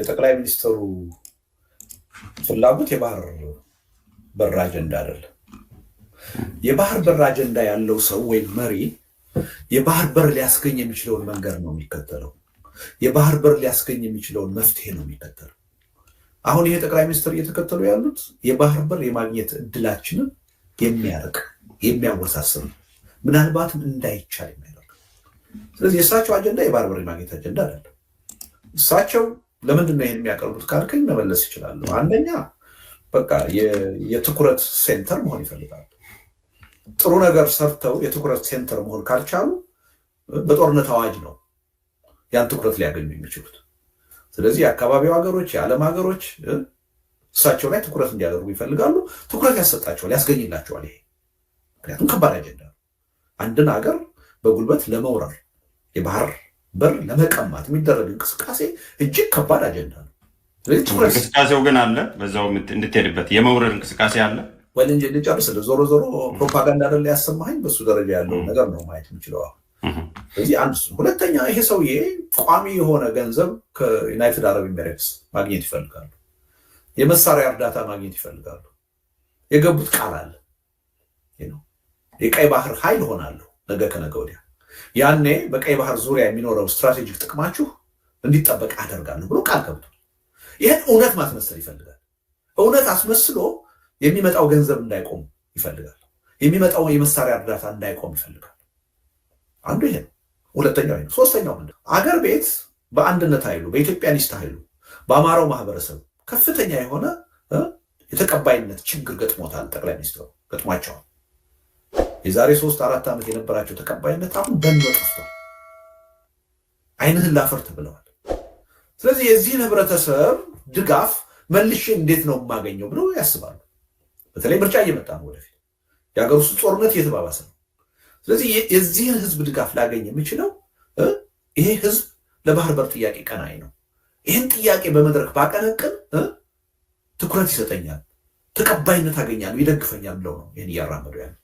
የጠቅላይ ሚኒስትሩ ፍላጎት የባህር በር አጀንዳ አይደለም። የባህር በር አጀንዳ ያለው ሰው ወይም መሪ የባህር በር ሊያስገኝ የሚችለውን መንገድ ነው የሚከተለው። የባህር በር ሊያስገኝ የሚችለውን መፍትሄ ነው የሚከተለው። አሁን ይሄ ጠቅላይ ሚኒስትር እየተከተሉ ያሉት የባህር በር የማግኘት እድላችንን የሚያርቅ የሚያወሳስብ ነው፣ ምናልባትም እንዳይቻል የሚያደርግ። ስለዚህ የእሳቸው አጀንዳ የባህር በር የማግኘት አጀንዳ አይደለም። እሳቸው ለምንድን ነው ይህን የሚያቀርቡት ካልከኝ መመለስ ይችላሉ። አንደኛ በቃ የትኩረት ሴንተር መሆን ይፈልጋሉ። ጥሩ ነገር ሰርተው የትኩረት ሴንተር መሆን ካልቻሉ በጦርነት አዋጅ ነው ያን ትኩረት ሊያገኙ የሚችሉት። ስለዚህ የአካባቢው ሀገሮች፣ የዓለም ሀገሮች እሳቸው ላይ ትኩረት እንዲያደርጉ ይፈልጋሉ። ትኩረት ያሰጣቸዋል፣ ያስገኝላቸዋል። ይሄ ምክንያቱም ከባድ አጀንዳ ነው አንድን ሀገር በጉልበት ለመውረር የባህር በር ለመቀማት የሚደረግ እንቅስቃሴ እጅግ ከባድ አጀንዳ ነው። እንቅስቃሴው ግን አለ፣ በዛው እንድትሄድበት የመውረድ እንቅስቃሴ አለ። ወይ እንጂ እንጨርስልህ። ዞሮ ዞሮ ፕሮፓጋንዳ ደላ ያሰማኸኝ በሱ ደረጃ ያለው ነገር ነው ማየት የምችለው አሁን። ስለዚህ አንድ ሁለተኛ፣ ይሄ ሰውዬ ቋሚ የሆነ ገንዘብ ከዩናይትድ አረብ ኤሚሬትስ ማግኘት ይፈልጋሉ። የመሳሪያ እርዳታ ማግኘት ይፈልጋሉ። የገቡት ቃል አለ። የቀይ ባህር ኃይል ሆናለሁ ነገ ከነገ ወዲያ ያኔ በቀይ ባህር ዙሪያ የሚኖረው ስትራቴጂክ ጥቅማችሁ እንዲጠበቅ አደርጋለሁ ብሎ ቃል ገብቶ ይህን እውነት ማስመሰል ይፈልጋል። እውነት አስመስሎ የሚመጣው ገንዘብ እንዳይቆም ይፈልጋል። የሚመጣው የመሳሪያ እርዳታ እንዳይቆም ይፈልጋል። አንዱ ይሄ ነው። ሁለተኛው ነው። ሶስተኛው ምንድን ነው? አገር ቤት በአንድነት ኃይሉ በኢትዮጵያኒስት ኃይሉ በአማራው ማህበረሰብ ከፍተኛ የሆነ የተቀባይነት ችግር ገጥሞታል። ጠቅላይ ሚኒስትሩ ገጥሟቸዋል። የዛሬ ሶስት አራት ዓመት የነበራቸው ተቀባይነት አሁን በኖ ጠፍቷል። አይንህን ላፈር ተብለዋል። ስለዚህ የዚህን ህብረተሰብ ድጋፍ መልሼ እንዴት ነው የማገኘው ብለው ያስባሉ። በተለይ ምርጫ እየመጣ ነው፣ ወደፊት የሀገር ውስጥ ጦርነት እየተባባሰ ነው። ስለዚህ የዚህን ህዝብ ድጋፍ ላገኝ የምችለው ይሄ ህዝብ ለባህር በር ጥያቄ ቀናይ ነው። ይህን ጥያቄ በመድረክ ባቀነቅን ትኩረት ይሰጠኛል፣ ተቀባይነት አገኛለሁ፣ ይደግፈኛል ብለው ነው ይህን እያራመዱ ያለ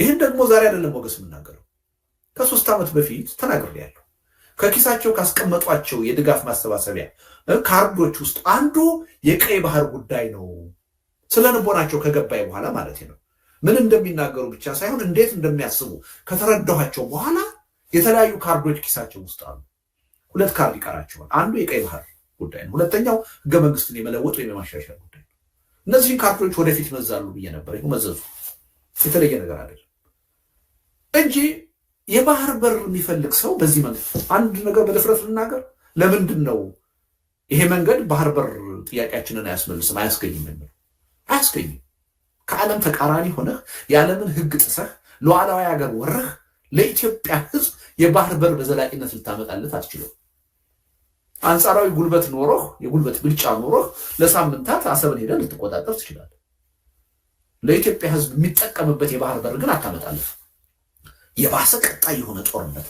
ይህን ደግሞ ዛሬ አይደለም ሞገስ የምናገረው ከሶስት ዓመት በፊት ያለው ከኪሳቸው ካስቀመጧቸው የድጋፍ ማሰባሰቢያ ካርዶች ውስጥ አንዱ የቀይ ባህር ጉዳይ ነው። ስለ ልቦናቸው ከገባኝ በኋላ ማለት ነው። ምን እንደሚናገሩ ብቻ ሳይሆን እንዴት እንደሚያስቡ ከተረዳኋቸው በኋላ የተለያዩ ካርዶች ኪሳቸው ውስጥ አሉ። ሁለት ካርድ ይቀራቸዋል። አንዱ የቀይ ባህር ጉዳይ ነው። ሁለተኛው ህገ መንግስትን የመለወጥ ወይም የማሻሻል ጉዳይ ነው። እነዚህን ካርዶች ወደፊት ይመዛሉ ብዬ ነበር። መዘዙ የተለየ ነገር አይደለም። እንጂ የባህር በር የሚፈልግ ሰው በዚህ መንገድ አንድ ነገር በድፍረት ልናገር፣ ለምንድን ነው ይሄ መንገድ ባህር በር ጥያቄያችንን አያስመልስም አያስገኝም የሚለው አያስገኝም። ከዓለም ተቃራኒ ሆነህ የዓለምን ሕግ ጥሰህ ሉዓላዊ ሀገር ወረህ ለኢትዮጵያ ሕዝብ የባህር በር በዘላቂነት ልታመጣለት አትችልም። አንጻራዊ ጉልበት ኖሮህ የጉልበት ብልጫ ኖሮህ ለሳምንታት አሰብን ሄደን ልትቆጣጠር ትችላለህ። ለኢትዮጵያ ሕዝብ የሚጠቀምበት የባህር በር ግን አታመጣለህ። የባሰ ቀጣይ የሆነ ጦርነት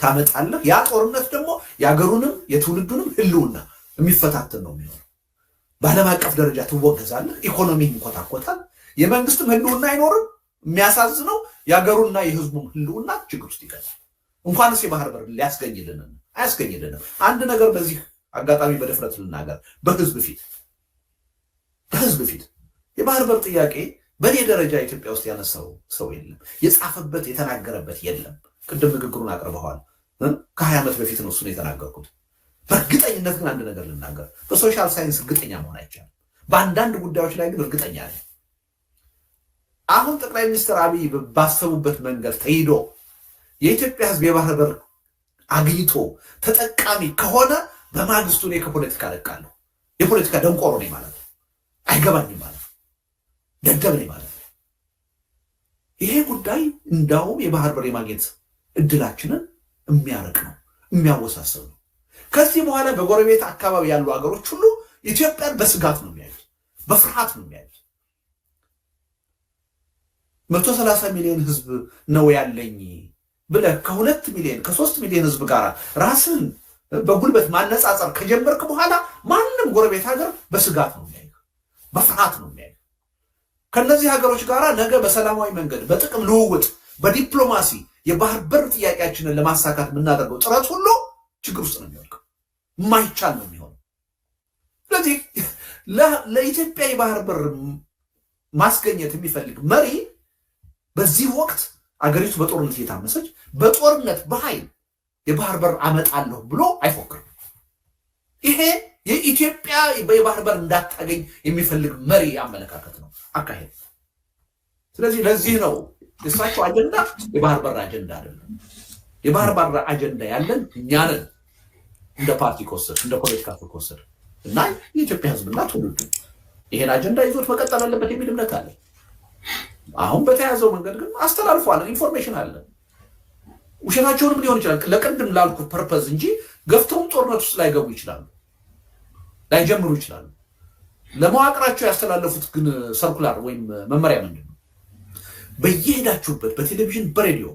ታመጣለህ። ያ ጦርነት ደግሞ የአገሩንም የትውልዱንም ህልውና የሚፈታትን ነው የሚሆነው። በዓለም አቀፍ ደረጃ ትወገዛለህ። ኢኮኖሚ ይንኮታኮታል። የመንግስትም ህልውና አይኖርም። የሚያሳዝነው የአገሩና የህዝቡም ህልውና ችግር ውስጥ ይገዛል። እንኳንስ የባህር በር ሊያስገኝልንም አያስገኝልንም። አንድ ነገር በዚህ አጋጣሚ በድፍረት ልናገር፣ በህዝብ ፊት በህዝብ ፊት የባህር በር ጥያቄ በእኔ ደረጃ ኢትዮጵያ ውስጥ ያነሳው ሰው የለም፣ የጻፈበት የተናገረበት የለም። ቅድም ንግግሩን አቅርበዋል። ከሀያ ዓመት በፊት ነው እሱን የተናገርኩት። በእርግጠኝነት ግን አንድ ነገር ልናገር፣ በሶሻል ሳይንስ እርግጠኛ መሆን አይቻልም። በአንዳንድ ጉዳዮች ላይ ግን እርግጠኛ ነኝ። አሁን ጠቅላይ ሚኒስትር አብይ ባሰቡበት መንገድ ተሂዶ የኢትዮጵያ ሕዝብ የባህር በር አግኝቶ ተጠቃሚ ከሆነ በማግስቱ እኔ ከፖለቲካ ለቃለሁ። የፖለቲካ ደንቆሮ ነኝ ማለት ነው። አይገባኝም ማለት ደገምኔ ማለት ነው። ይሄ ጉዳይ እንዳውም የባህር በር የማግኘት እድላችንን የሚያርቅ ነው፣ የሚያወሳሰብ ነው። ከዚህ በኋላ በጎረቤት አካባቢ ያሉ ሀገሮች ሁሉ ኢትዮጵያን በስጋት ነው የሚያዩት፣ በፍርሃት ነው የሚያዩት። መቶ ሰላሳ ሚሊዮን ህዝብ ነው ያለኝ ብለህ ከሁለት ሚሊዮን ከሶስት ሚሊዮን ህዝብ ጋር ራስን በጉልበት ማነጻጸር ከጀመርክ በኋላ ማንም ጎረቤት ሀገር በስጋት ነው የሚያዩ፣ በፍርሃት ነው የሚያዩ። ከነዚህ ሀገሮች ጋር ነገ በሰላማዊ መንገድ በጥቅም ልውውጥ በዲፕሎማሲ የባህር በር ጥያቄያችንን ለማሳካት የምናደርገው ጥረት ሁሉ ችግር ውስጥ ነው የሚወድቀው፣ የማይቻል ነው የሚሆነው። ስለዚህ ለኢትዮጵያ የባህር በር ማስገኘት የሚፈልግ መሪ በዚህ ወቅት አገሪቱ በጦርነት እየታመሰች በጦርነት በኃይል የባህር በር አመጣለሁ ብሎ አይፎክርም። ይሄ ኢትዮጵያ የባህር በር እንዳታገኝ የሚፈልግ መሪ አመለካከት ነው አካሄድ። ስለዚህ ለዚህ ነው እሳቸው አጀንዳ የባህር በር አጀንዳ አይደለም። የባህር በር አጀንዳ ያለን እኛ ነን። እንደ ፓርቲ ከወሰድ እንደ ፖለቲካ ከወሰድ እና የኢትዮጵያ ሕዝብና ትውልዱ ይሄን አጀንዳ ይዞት መቀጠል አለበት የሚል እምነት አለ። አሁን በተያያዘው መንገድ ግን አስተላልፏል። ኢንፎርሜሽን አለ። ውሸታቸውንም ሊሆን ይችላል ለቅድም ላልኩ ፐርፐዝ እንጂ ገፍተውም ጦርነት ውስጥ ላይገቡ ይችላሉ። ላይጀምሩ ይችላሉ። ለመዋቅራቸው ያስተላለፉት ግን ሰርኩላር ወይም መመሪያ ምንድን ነው? በየሄዳችሁበት በቴሌቪዥን በሬዲዮ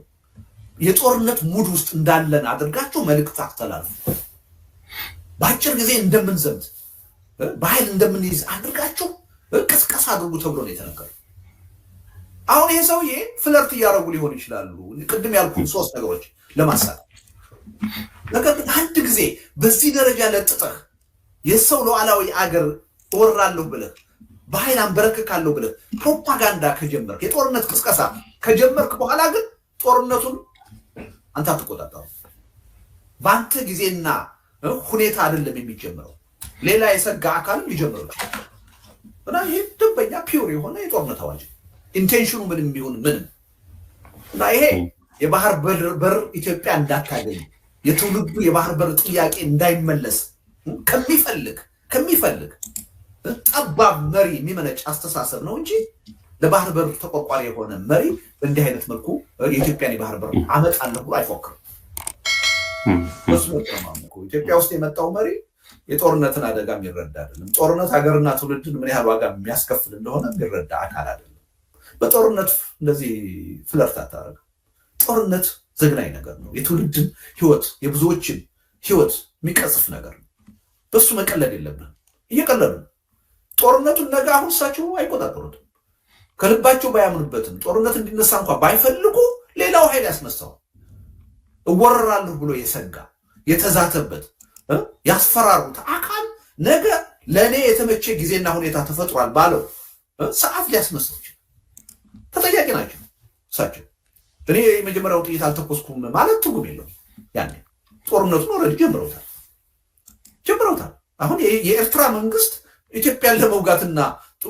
የጦርነት ሙድ ውስጥ እንዳለን አድርጋችሁ መልእክት አስተላልፉ። በአጭር ጊዜ እንደምንዘምት በኃይል እንደምንይዝ አድርጋችሁ ቅስቀሳ አድርጉ ተብሎ ነው የተነገሩ። አሁን ይሄ ሰውዬ ፍለርት እያደረጉ ሊሆን ይችላሉ። ቅድም ያልኩት ሶስት ነገሮች ለማሳት ነገር ግን አንድ ጊዜ በዚህ ደረጃ ለጥጠህ የሰው ሉዓላዊ አገር እወራለሁ ብለህ በኃይል አንበረክካለሁ ብለህ ፕሮፓጋንዳ ከጀመርክ የጦርነት ቅስቀሳ ከጀመርክ በኋላ ግን ጦርነቱን አንተ አትቆጣጠሩ። በአንተ ጊዜና ሁኔታ አይደለም የሚጀምረው። ሌላ የሰጋ አካልም ሊጀምረው እና ይህ ደንበኛ ፒውር የሆነ የጦርነት አዋጅ ኢንቴንሽኑ ምንም ቢሆን ምንም እና ይሄ የባህር በር ኢትዮጵያ እንዳታገኝ የትውልዱ የባህር በር ጥያቄ እንዳይመለስ ከሚፈልግ ከሚፈልግ ጠባብ መሪ የሚመነጭ አስተሳሰብ ነው እንጂ ለባህር በር ተቆርቋሪ የሆነ መሪ በእንዲህ አይነት መልኩ የኢትዮጵያን የባህር በር አመጣለሁ ብሎ አይፎክርም። ኢትዮጵያ ውስጥ የመጣው መሪ የጦርነትን አደጋ የሚረዳ አይደለም። ጦርነት ሀገርና ትውልድን ምን ያህል ዋጋ የሚያስከፍል እንደሆነ የሚረዳ አካል አይደለም። በጦርነት እንደዚህ ፍለርት አታደርግም። ጦርነት ዘግናኝ ነገር ነው። የትውልድን ህይወት የብዙዎችን ህይወት የሚቀጽፍ ነገር ነው። በሱ መቀለድ የለብህ። እየቀለዱ ጦርነቱን ነገ አሁን እሳቸው አይቆጣጠሩትም። ከልባቸው ባያምኑበትም ጦርነት እንዲነሳ እንኳ ባይፈልጉ ሌላው ኃይል ያስነሳው እወረራለሁ ብሎ የሰጋ የተዛተበት ያስፈራሩት አካል ነገ ለእኔ የተመቸ ጊዜና ሁኔታ ተፈጥሯል ባለው ሰዓት ሊያስነሳ ይችላል። ተጠያቂ ናቸው እሳቸው። እኔ የመጀመሪያው ጥይት አልተኮስኩም ማለት ትርጉም የለውም። ያኔ ጦርነቱን ወረድ ጀምረውታል። ጀምረውታል። አሁን የኤርትራ መንግስት ኢትዮጵያን ለመውጋትና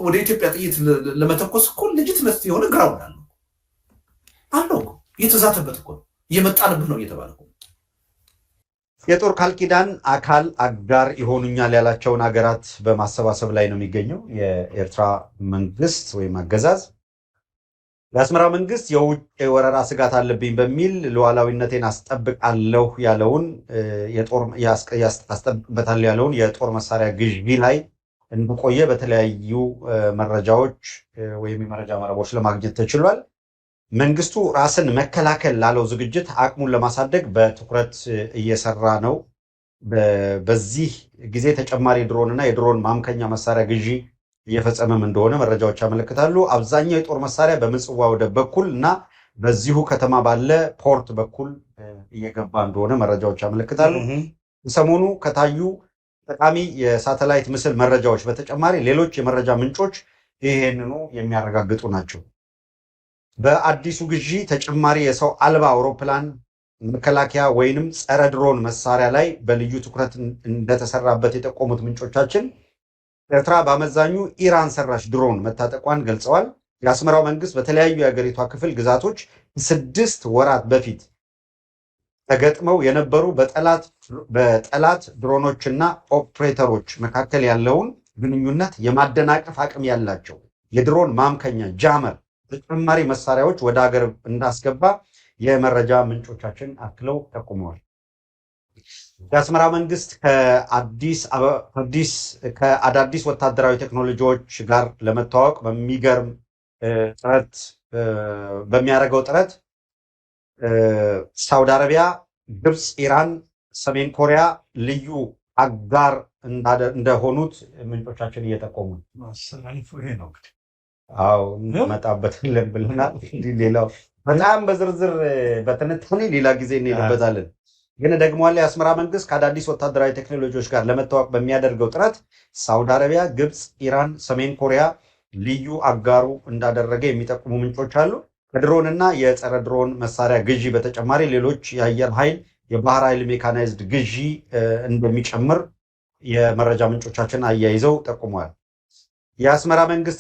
ወደ ኢትዮጵያ ጥይት ለመተኮስ እኮ ልጅትነት የሆነ ግራውንድ አለው አለው እየተዛተበት እኮ እየመጣንብህ ነው እየተባለ የጦር ቃል ኪዳን አካል አጋር የሆኑኛል ያላቸውን ሀገራት በማሰባሰብ ላይ ነው የሚገኘው የኤርትራ መንግስት ወይም አገዛዝ። የአስመራ መንግስት የውጭ ወረራ ስጋት አለብኝ በሚል ሉዓላዊነቴን አስጠብቃለሁ ያለውን አስጠብቅበታል ያለውን የጦር መሳሪያ ግዢ ላይ እንደቆየ በተለያዩ መረጃዎች ወይም የመረጃ መረቦች ለማግኘት ተችሏል። መንግስቱ ራስን መከላከል ላለው ዝግጅት አቅሙን ለማሳደግ በትኩረት እየሰራ ነው። በዚህ ጊዜ ተጨማሪ ድሮንና የድሮን ማምከኛ መሳሪያ ግዢ እየፈጸመም እንደሆነ መረጃዎች ያመለክታሉ። አብዛኛው የጦር መሳሪያ በምጽዋ ወደብ በኩል እና በዚሁ ከተማ ባለ ፖርት በኩል እየገባ እንደሆነ መረጃዎች ያመለክታሉ። ሰሞኑ ከታዩ ጠቃሚ የሳተላይት ምስል መረጃዎች በተጨማሪ ሌሎች የመረጃ ምንጮች ይሄንኑ የሚያረጋግጡ ናቸው። በአዲሱ ግዢ ተጨማሪ የሰው አልባ አውሮፕላን መከላከያ ወይንም ጸረ ድሮን መሳሪያ ላይ በልዩ ትኩረት እንደተሰራበት የጠቆሙት ምንጮቻችን ኤርትራ በአመዛኙ ኢራን ሰራሽ ድሮን መታጠቋን ገልጸዋል። የአስመራው መንግስት በተለያዩ የአገሪቷ ክፍል ግዛቶች ስድስት ወራት በፊት ተገጥመው የነበሩ በጠላት ድሮኖችና ኦፕሬተሮች መካከል ያለውን ግንኙነት የማደናቀፍ አቅም ያላቸው የድሮን ማምከኛ ጃመር ተጨማሪ መሳሪያዎች ወደ ሀገር እንዳስገባ የመረጃ ምንጮቻችን አክለው ጠቁመዋል። የአስመራ መንግስት ከአዳዲስ ወታደራዊ ቴክኖሎጂዎች ጋር ለመተዋወቅ በሚገርም ጥረት በሚያደርገው ጥረት ሳውዲ አረቢያ፣ ግብፅ፣ ኢራን፣ ሰሜን ኮሪያ ልዩ አጋር እንደሆኑት ምንጮቻችን እየጠቆሙ ነው። አዎ ብለናል። ሌላው በጣም በዝርዝር በትንታኔ ሌላ ጊዜ እንሄድበታለን። ግን ደግሟል። የአስመራ መንግስት ከአዳዲስ ወታደራዊ ቴክኖሎጂዎች ጋር ለመታወቅ በሚያደርገው ጥረት ሳውዲ አረቢያ፣ ግብፅ፣ ኢራን፣ ሰሜን ኮሪያ ልዩ አጋሩ እንዳደረገ የሚጠቁሙ ምንጮች አሉ። ከድሮን እና የጸረ ድሮን መሳሪያ ግዢ በተጨማሪ ሌሎች የአየር ኃይል፣ የባህር ኃይል ሜካናይዝድ ግዢ እንደሚጨምር የመረጃ ምንጮቻችን አያይዘው ጠቁመዋል። የአስመራ መንግስት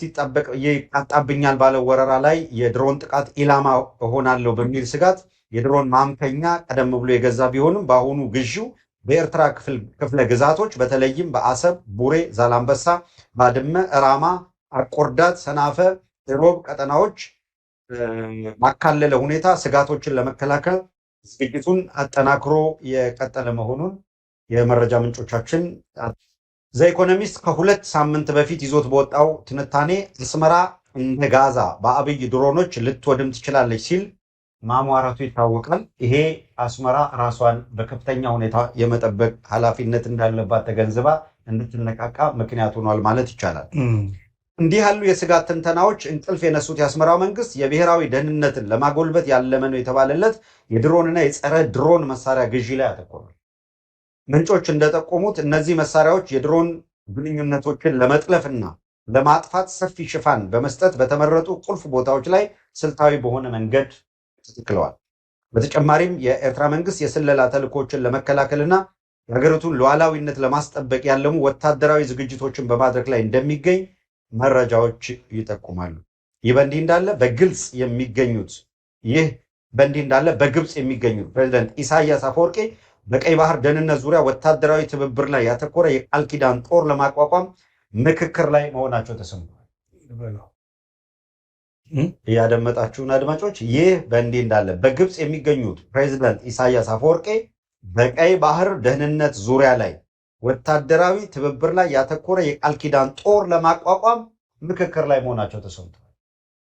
ይቃጣብኛል ባለው ወረራ ላይ የድሮን ጥቃት ኢላማ እሆናለሁ በሚል ስጋት የድሮን ማምከኛ ቀደም ብሎ የገዛ ቢሆንም በአሁኑ ግዢው በኤርትራ ክፍለ ግዛቶች በተለይም በአሰብ፣ ቡሬ፣ ዛላምበሳ፣ ባድመ፣ ራማ፣ አቆርዳት፣ ሰናፈ፣ ሮብ ቀጠናዎች ማካለለ ሁኔታ ስጋቶችን ለመከላከል ዝግጅቱን አጠናክሮ የቀጠለ መሆኑን የመረጃ ምንጮቻችን ዘኢኮኖሚስት ከሁለት ሳምንት በፊት ይዞት በወጣው ትንታኔ አስመራ እንደ ጋዛ በአብይ ድሮኖች ልትወድም ትችላለች ሲል ማሟራቱ ይታወቃል። ይሄ አስመራ ራሷን በከፍተኛ ሁኔታ የመጠበቅ ኃላፊነት እንዳለባት ተገንዝባ እንድትነቃቃ ምክንያት ሆኗል ማለት ይቻላል። እንዲህ ያሉ የስጋት ትንተናዎች እንቅልፍ የነሱት የአስመራው መንግስት የብሔራዊ ደህንነትን ለማጎልበት ያለመ ነው የተባለለት የድሮንና የጸረ ድሮን መሳሪያ ግዢ ላይ አተኮሯል። ምንጮች እንደጠቆሙት እነዚህ መሳሪያዎች የድሮን ግንኙነቶችን ለመጥለፍና ለማጥፋት ሰፊ ሽፋን በመስጠት በተመረጡ ቁልፍ ቦታዎች ላይ ስልታዊ በሆነ መንገድ ከልክለዋል። በተጨማሪም የኤርትራ መንግስት የስለላ ተልእኮችን ለመከላከልና የሀገሪቱን ሉዓላዊነት ለማስጠበቅ ያለሙ ወታደራዊ ዝግጅቶችን በማድረግ ላይ እንደሚገኝ መረጃዎች ይጠቁማሉ። ይህ በእንዲህ እንዳለ በግልጽ የሚገኙት ይህ በእንዲህ እንዳለ በግብፅ የሚገኙት ፕሬዚደንት ኢሳያስ አፈወርቄ በቀይ ባህር ደህንነት ዙሪያ ወታደራዊ ትብብር ላይ ያተኮረ የቃል ኪዳን ጦር ለማቋቋም ምክክር ላይ መሆናቸው ተሰምቷል። እያደመጣችሁን አድማጮች፣ ይህ በእንዲህ እንዳለ በግብፅ የሚገኙት ፕሬዚደንት ኢሳያስ አፈወርቄ በቀይ ባህር ደህንነት ዙሪያ ላይ ወታደራዊ ትብብር ላይ ያተኮረ የቃል ኪዳን ጦር ለማቋቋም ምክክር ላይ መሆናቸው ተሰምቷል።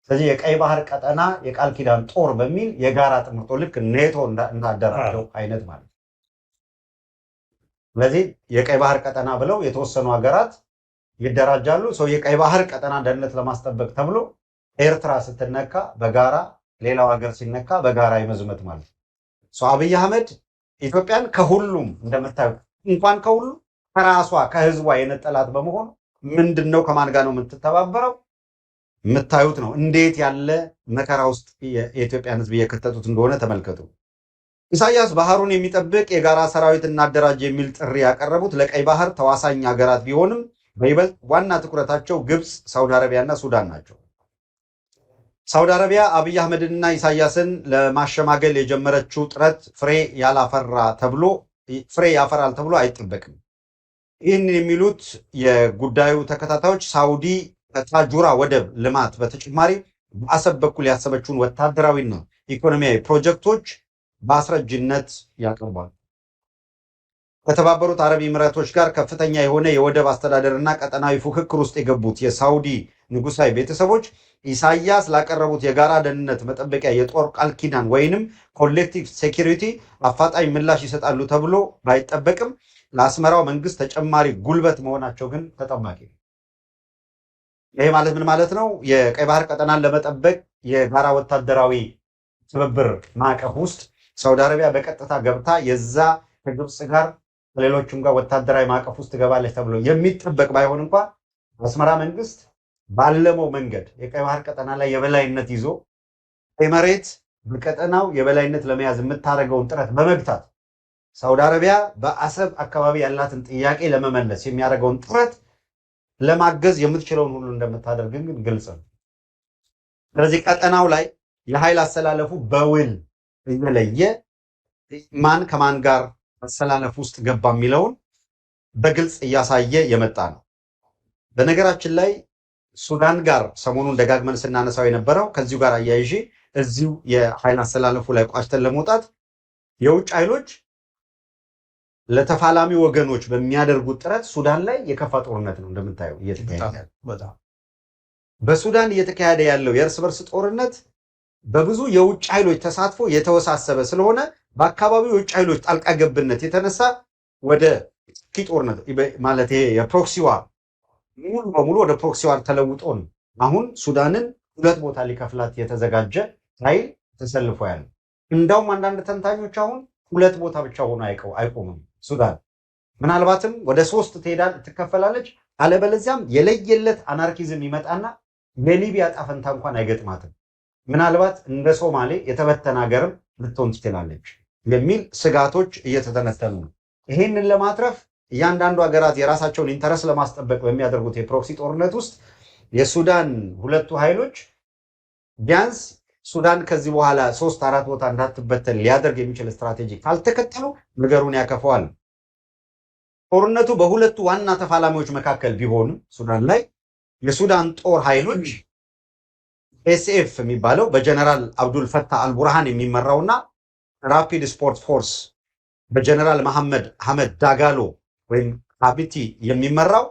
ስለዚህ የቀይ ባህር ቀጠና የቃል ኪዳን ጦር በሚል የጋራ ጥምርቶ ልክ ኔቶ እንዳደራጀው አይነት ማለት ነው። ስለዚህ የቀይ ባህር ቀጠና ብለው የተወሰኑ ሀገራት ይደራጃሉ። ሰው የቀይ ባህር ቀጠና ደህንነት ለማስጠበቅ ተብሎ ኤርትራ ስትነካ በጋራ ሌላው ሀገር ሲነካ በጋራ የመዝመት ማለት ነው። አብይ አህመድ ኢትዮጵያን ከሁሉም እንደምታዩት እንኳን ከሁሉም ከራሷ ከህዝቧ የነጠላት በመሆኑ ምንድን ነው ከማን ጋር ነው የምትተባበረው? የምታዩት ነው። እንዴት ያለ መከራ ውስጥ የኢትዮጵያን ህዝብ እየከተቱት እንደሆነ ተመልከቱ። ኢሳያስ ባህሩን የሚጠብቅ የጋራ ሰራዊት እናደራጅ የሚል ጥሪ ያቀረቡት ለቀይ ባህር ተዋሳኝ ሀገራት ቢሆንም በይበልጥ ዋና ትኩረታቸው ግብፅ፣ ሳውዲ አረቢያና ሱዳን ናቸው። ሳውዲ አረቢያ አብይ አህመድንና ኢሳያስን ለማሸማገል የጀመረችው ጥረት ፍሬ ያላፈራ ተብሎ ፍሬ ያፈራል ተብሎ አይጠበቅም። ይህን የሚሉት የጉዳዩ ተከታታዮች ሳውዲ ከታጁራ ወደብ ልማት በተጨማሪ በአሰብ በኩል ያሰበችውን ወታደራዊና ኢኮኖሚያዊ ፕሮጀክቶች በአስረጅነት ያቀርቧል። ከተባበሩት አረብ ኤሚሬቶች ጋር ከፍተኛ የሆነ የወደብ አስተዳደርና ቀጠናዊ ፉክክር ውስጥ የገቡት የሳውዲ ንጉሳዊ ቤተሰቦች ኢሳያስ ላቀረቡት የጋራ ደህንነት መጠበቂያ የጦር ቃል ኪዳን ወይንም ኮሌክቲቭ ሴኪሪቲ አፋጣኝ ምላሽ ይሰጣሉ ተብሎ ባይጠበቅም ለአስመራው መንግስት ተጨማሪ ጉልበት መሆናቸው ግን ተጠማቂ ነው። ይሄ ማለት ምን ማለት ነው? የቀይ ባህር ቀጠናን ለመጠበቅ የጋራ ወታደራዊ ትብብር ማዕቀፍ ውስጥ ሳውዲ አረቢያ በቀጥታ ገብታ የዛ ከግብፅ ጋር ከሌሎቹም ጋር ወታደራዊ ማዕቀፍ ውስጥ ትገባለች ተብሎ የሚጠበቅ ባይሆን እንኳ አስመራ መንግስት ባለመው መንገድ የቀይ ባህር ቀጠና ላይ የበላይነት ይዞ ቀይ በቀጠናው የበላይነት ለመያዝ የምታደርገውን ጥረት በመግታት ሳውዲ አረቢያ በአሰብ አካባቢ ያላትን ጥያቄ ለመመለስ የሚያደርገውን ጥረት ለማገዝ የምትችለውን ሁሉ እንደምታደርግን ግን ግልጽ ነው። ስለዚህ ቀጠናው ላይ የኃይል አሰላለፉ በውል እየለየ ማን ከማን ጋር መሰላለፍ ውስጥ ገባ የሚለውን በግልጽ እያሳየ የመጣ ነው። በነገራችን ላይ ሱዳን ጋር ሰሞኑን ደጋግመን ስናነሳው የነበረው ከዚሁ ጋር አያይዤ እዚሁ የኃይል አሰላለፉ ላይ ቋጭተን ለመውጣት የውጭ ኃይሎች ለተፋላሚ ወገኖች በሚያደርጉት ጥረት ሱዳን ላይ የከፋ ጦርነት ነው እንደምታየው እየተካሄደ በሱዳን እየተካሄደ ያለው የእርስ በርስ ጦርነት በብዙ የውጭ ኃይሎች ተሳትፎ የተወሳሰበ ስለሆነ በአካባቢው የውጭ ኃይሎች ጣልቃ ገብነት የተነሳ ወደ ጦርነት ማለት ይሄ የፕሮክሲዋ ሙሉ በሙሉ ወደ ፕሮክሲዋር ተለውጦ ነው አሁን ሱዳንን ሁለት ቦታ ሊከፍላት የተዘጋጀ ኃይል ተሰልፎ ያለ። እንዳውም አንዳንድ ተንታኞች አሁን ሁለት ቦታ ብቻ ሆኖ አይቆምም። ሱዳን ምናልባትም ወደ ሶስት ትከፈላለች። አለበለዚያም የለየለት አናርኪዝም ይመጣና የሊቢያ ጣፈንታ እንኳን አይገጥማትም። ምናልባት እንደ ሶማሌ የተበተነ ሀገርም ልትሆን ትችላለች የሚል ስጋቶች እየተተነተኑ ነው። ይህንን ለማትረፍ እያንዳንዱ ሀገራት የራሳቸውን ኢንተረስ ለማስጠበቅ በሚያደርጉት የፕሮክሲ ጦርነት ውስጥ የሱዳን ሁለቱ ኃይሎች ቢያንስ ሱዳን ከዚህ በኋላ ሶስት አራት ቦታ እንዳትበተን ሊያደርግ የሚችል ስትራቴጂ ካልተከተሉ ነገሩን ያከፈዋል። ጦርነቱ በሁለቱ ዋና ተፋላሚዎች መካከል ቢሆንም ሱዳን ላይ የሱዳን ጦር ኃይሎች ኤስኤፍ የሚባለው በጀነራል አብዱል ፈታ አልቡርሃን የሚመራውና ራፒድ ስፖርት ፎርስ በጀነራል መሐመድ ሐመድ ዳጋሎ ወይም ሀቢቲ የሚመራው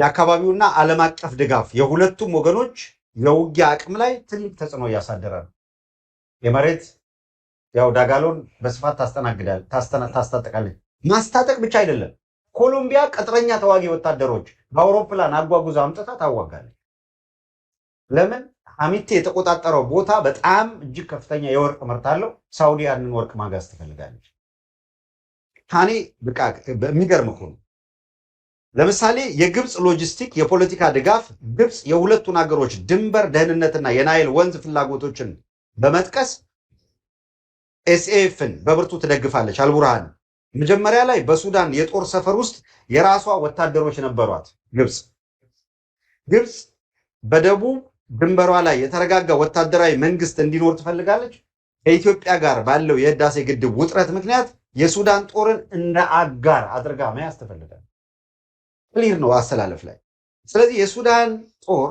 የአካባቢውና ዓለም አቀፍ ድጋፍ የሁለቱም ወገኖች የውጊያ አቅም ላይ ትልቅ ተጽዕኖ እያሳደረ ነው። የመሬት ያው ዳጋሎን በስፋት ታስታጠቃለች። ማስታጠቅ ብቻ አይደለም፣ ኮሎምቢያ ቅጥረኛ ተዋጊ ወታደሮች በአውሮፕላን አጓጉዛ አምጥታ ታዋጋለች። ለምን አሚቴ የተቆጣጠረው ቦታ በጣም እጅግ ከፍተኛ የወርቅ ምርት አለው። ሳውዲ ያንን ወርቅ ማጋዝ ትፈልጋለች። ታኔ ብቃ በሚገርም ሆኖ ለምሳሌ የግብፅ ሎጂስቲክ የፖለቲካ ድጋፍ ግብፅ የሁለቱን ሀገሮች ድንበር ደህንነትና የናይል ወንዝ ፍላጎቶችን በመጥቀስ ኤስኤፍን በብርቱ ትደግፋለች። አልቡርሃን መጀመሪያ ላይ በሱዳን የጦር ሰፈር ውስጥ የራሷ ወታደሮች ነበሯት። ግብፅ ግብፅ በደቡብ ድንበሯ ላይ የተረጋጋ ወታደራዊ መንግስት እንዲኖር ትፈልጋለች። ከኢትዮጵያ ጋር ባለው የህዳሴ ግድብ ውጥረት ምክንያት የሱዳን ጦርን እንደ አጋር አድርጋ መያዝ ትፈልጋለች። ክሊር ነው አሰላለፍ ላይ። ስለዚህ የሱዳን ጦር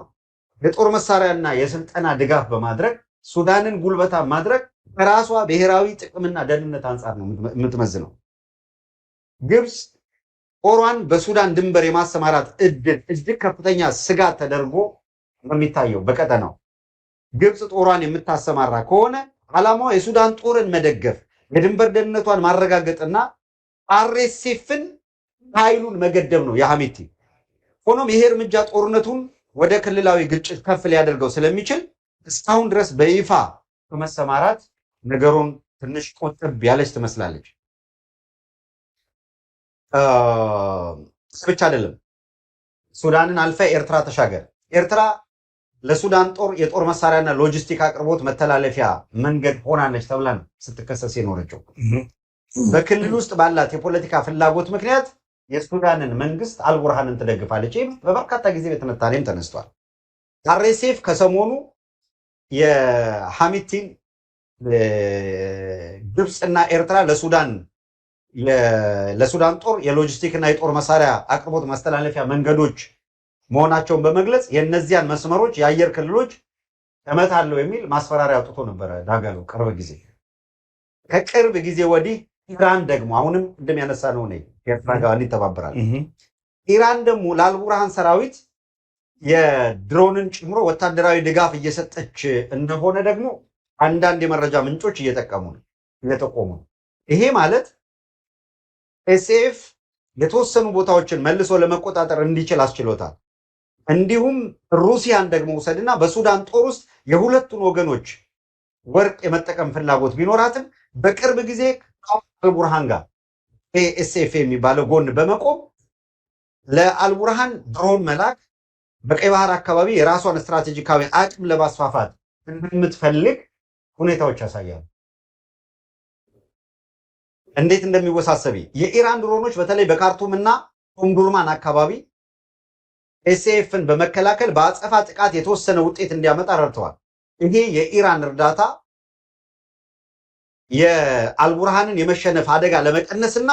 የጦር መሳሪያና የስልጠና ድጋፍ በማድረግ ሱዳንን ጉልበታ ማድረግ ከራሷ ብሔራዊ ጥቅምና ደህንነት አንጻር ነው የምትመዝነው። ግብፅ ጦሯን በሱዳን ድንበር የማሰማራት እድል እጅግ ከፍተኛ ስጋት ተደርጎ ነው የሚታየው በቀጠናው። ግብፅ ጦሯን የምታሰማራ ከሆነ ዓላማዋ የሱዳን ጦርን መደገፍ፣ የድንበር ደህንነቷን ማረጋገጥና አሬሴፍን ኃይሉን መገደብ ነው የሐሚቲ። ሆኖም ይሄ እርምጃ ጦርነቱን ወደ ክልላዊ ግጭት ከፍ ሊያደርገው ስለሚችል እስካሁን ድረስ በይፋ በመሰማራት ነገሩን ትንሽ ቆጥብ ያለች ትመስላለች። ብቻ አይደለም ሱዳንን አልፈ ኤርትራ ተሻገር ኤርትራ ለሱዳን ጦር የጦር መሳሪያና ሎጂስቲክ አቅርቦት መተላለፊያ መንገድ ሆናለች ተብላ ነው ስትከሰስ የኖረችው። በክልል ውስጥ ባላት የፖለቲካ ፍላጎት ምክንያት የሱዳንን መንግስት አልቡርሃንን ትደግፋለች። ይህም በበርካታ ጊዜ በትንታኔም ተነስቷል። አሬሴፍ ከሰሞኑ የሐሚቲን ግብፅና ኤርትራ ለሱዳን ለሱዳን ጦር የሎጂስቲክ እና የጦር መሳሪያ አቅርቦት ማስተላለፊያ መንገዶች መሆናቸውን በመግለጽ የእነዚያን መስመሮች የአየር ክልሎች እመታለሁ የሚል ማስፈራሪያ አውጥቶ ነበረ ዳጋሎ ቅርብ ጊዜ። ከቅርብ ጊዜ ወዲህ ኢራን ደግሞ አሁንም እንደም ያነሳ ነው ነ ኤርትራ ጋር እንዲተባበራል ኢራን ደግሞ ለአልቡርሃን ሰራዊት የድሮንን ጭምሮ ወታደራዊ ድጋፍ እየሰጠች እንደሆነ ደግሞ አንዳንድ የመረጃ ምንጮች እየጠቀሙ ነው እየጠቆሙ ነው። ይሄ ማለት ኤስኤፍ የተወሰኑ ቦታዎችን መልሶ ለመቆጣጠር እንዲችል አስችሎታል። እንዲሁም ሩሲያን ደግሞ ውሰድና በሱዳን ጦር ውስጥ የሁለቱን ወገኖች ወርቅ የመጠቀም ፍላጎት ቢኖራትም በቅርብ ጊዜ አልቡርሃን ጋር ኤስኤፍ የሚባለው ጎን በመቆም ለአልቡርሃን ድሮን መላክ በቀይ ባህር አካባቢ የራሷን ስትራቴጂካዊ አቅም ለማስፋፋት እንደምትፈልግ ሁኔታዎች ያሳያሉ። እንዴት እንደሚወሳሰብ የኢራን ድሮኖች በተለይ በካርቱም እና ኦምዱርማን አካባቢ ኤስኤፍን በመከላከል በአጸፋ ጥቃት የተወሰነ ውጤት እንዲያመጣ ረድተዋል። ይሄ የኢራን እርዳታ የአልቡርሃንን የመሸነፍ አደጋ ለመቀነስና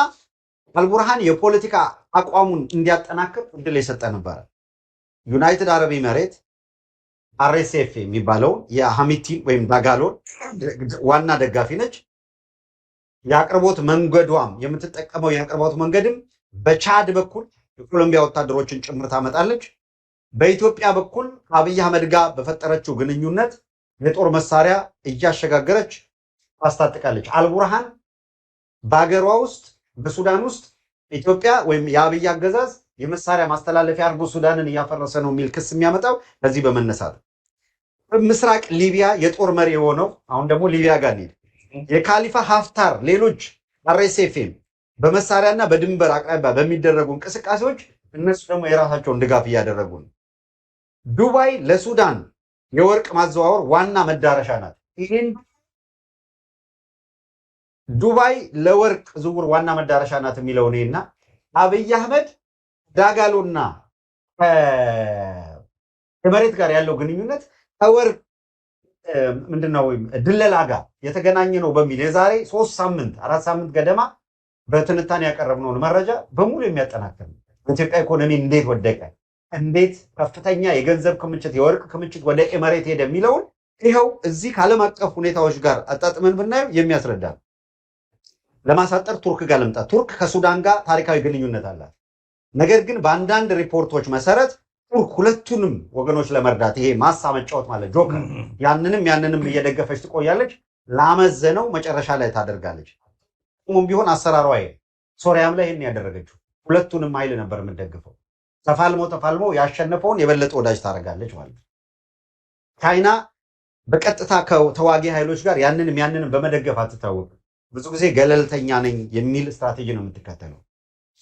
አልቡርሃን የፖለቲካ አቋሙን እንዲያጠናክር እድል የሰጠ ነበረ። ዩናይትድ አረብ ኤሜሬት አርኤስኤፍ የሚባለውን የሐሚቲን ወይም ዳጋሎን ዋና ደጋፊ ነች። የአቅርቦት መንገዷም የምትጠቀመው የአቅርቦት መንገድም በቻድ በኩል የኮሎምቢያ ወታደሮችን ጭምር ታመጣለች። በኢትዮጵያ በኩል አብይ አህመድ ጋር በፈጠረችው ግንኙነት የጦር መሳሪያ እያሸጋገረች ታስታጥቃለች። አልቡርሃን በሀገሯ ውስጥ በሱዳን ውስጥ ኢትዮጵያ ወይም የአብይ አገዛዝ የመሳሪያ ማስተላለፊያ አድርጎ ሱዳንን እያፈረሰ ነው የሚል ክስ የሚያመጣው በዚህ በመነሳት ምስራቅ ሊቢያ የጦር መሪ የሆነው አሁን ደግሞ ሊቢያ ጋር ሄድ የካሊፋ ሀፍታር ሌሎች አርኤስኤፍም በመሳሪያና በድንበር አቅራቢያ በሚደረጉ እንቅስቃሴዎች እነሱ ደግሞ የራሳቸውን ድጋፍ እያደረጉ ነው። ዱባይ ለሱዳን የወርቅ ማዘዋወር ዋና መዳረሻ ናት። ይህን ዱባይ ለወርቅ ዝውውር ዋና መዳረሻ ናት የሚለው እና አብይ አህመድ ዳጋሎና ከመሬት ጋር ያለው ግንኙነት ከወርቅ ምንድነው ወይም ድለላ ጋር የተገናኘ ነው በሚል የዛሬ ሶስት ሳምንት አራት ሳምንት ገደማ በትንታኔ ያቀረብነውን መረጃ በሙሉ የሚያጠናክር ነው። ኢትዮጵያ ኢኮኖሚ እንዴት ወደቀ፣ እንዴት ከፍተኛ የገንዘብ ክምችት የወርቅ ክምችት ወደ ኤመሬት ሄደ የሚለውን ይኸው እዚህ ከዓለም አቀፍ ሁኔታዎች ጋር አጣጥመን ብናየው የሚያስረዳ ለማሳጠር ቱርክ ጋር ልምጣ። ቱርክ ከሱዳን ጋር ታሪካዊ ግንኙነት አላት። ነገር ግን በአንዳንድ ሪፖርቶች መሰረት ቱርክ ሁለቱንም ወገኖች ለመርዳት ይሄ ማሳ መጫወት ማለት ጆከር፣ ያንንም ያንንም እየደገፈች ትቆያለች። ላመዘነው መጨረሻ ላይ ታደርጋለች። ቁሙም ቢሆን አሰራሯ ይሄ ሶሪያም ላይ ይህን ያደረገችው ሁለቱንም ኃይል ነበር የምደግፈው ተፋልሞ ተፋልሞ ያሸነፈውን የበለጠ ወዳጅ ታደርጋለች ማለት ነው። ቻይና በቀጥታ ከተዋጊ ኃይሎች ጋር ያንንም ያንንም በመደገፍ አትታወቅም። ብዙ ጊዜ ገለልተኛ ነኝ የሚል ስትራቴጂ ነው የምትከተለው።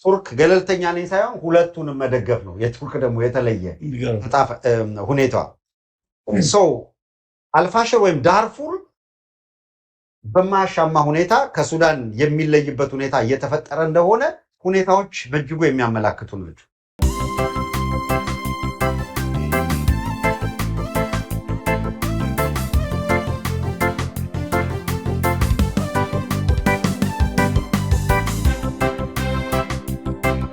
ቱርክ ገለልተኛ ነኝ ሳይሆን ሁለቱንም መደገፍ ነው። የቱርክ ደግሞ የተለየ ሁኔታ ሰው አልፋሽር ወይም ዳርፉር በማያሻማ ሁኔታ ከሱዳን የሚለይበት ሁኔታ እየተፈጠረ እንደሆነ ሁኔታዎች በእጅጉ የሚያመላክቱ ናቸው።